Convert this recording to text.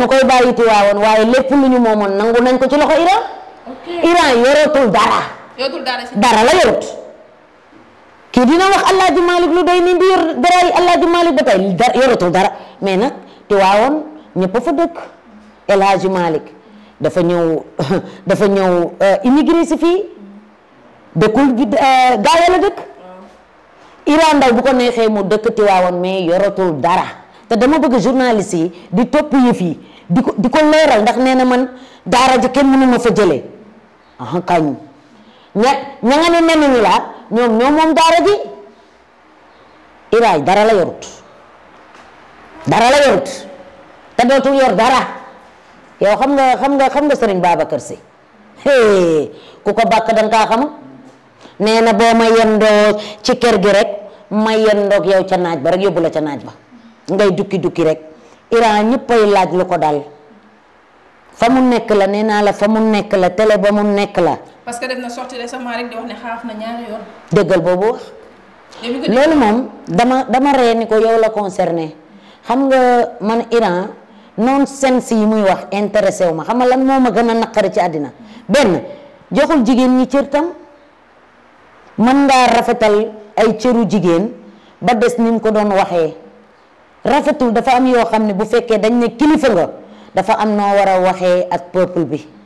dañu koy bàyyi Tiwaawoon waaye lépp lu ñu moomoon nangu nañ ko ci loxo Iran. Iran yoratul dara. dara la yorut. kii dina wax El Hadj lu doy ni di yor dara yi El Hadj ba tey dara yoratul dara mais nag Tiwaawoon ñëpp fa dëkk El Hadj dafa ñëw dafa ñëw euh, immigré si fii dëkkul euh, gaaya la dëkk. Iran ndaw bu ko neexee mu dëkk Tiwaawoon mais yoratul dara. te dama bëgg journaliste yi di topp yëf yi di ko di ko leeral ndax nee na man daara ji kenn mënu ma fa jëlee ah kañ ña ña nga ne nenuñu laa ñoom ñoom moom daara ji iraay dara la yorut dara la yorut te dootul yor dara yow xam nga xam nga xam nga sëriñ Babacar Si ku ko bàkk danga kaa xam nee na boo ma yendoo ci kër gi rek ma yendoog yow ca naaj ba rek yóbbu la ca naaj ba ngay dukki dukki rek Iran ñëppay laaj lu ko dal fa mu nekk la ne naa la fa mu nekk la télé ba mu nekk la. parce que def na sorti dëggal boobu wax. loolu moom dama dama ree ni ko yow la concerné xam nga man Iran non sens yi muy wax intéressé wu ma xam nga lan moo gën a naqari ci àddina benn joxul jigéen ñi cër tam mën ngaa rafetal ay cëru jigéen ba des ni mu ko doon waxee. rafetul dafa am yoo xam ne bu fekkee dañ ne kilifa nga dafa am noo war a waxee ak peuple bi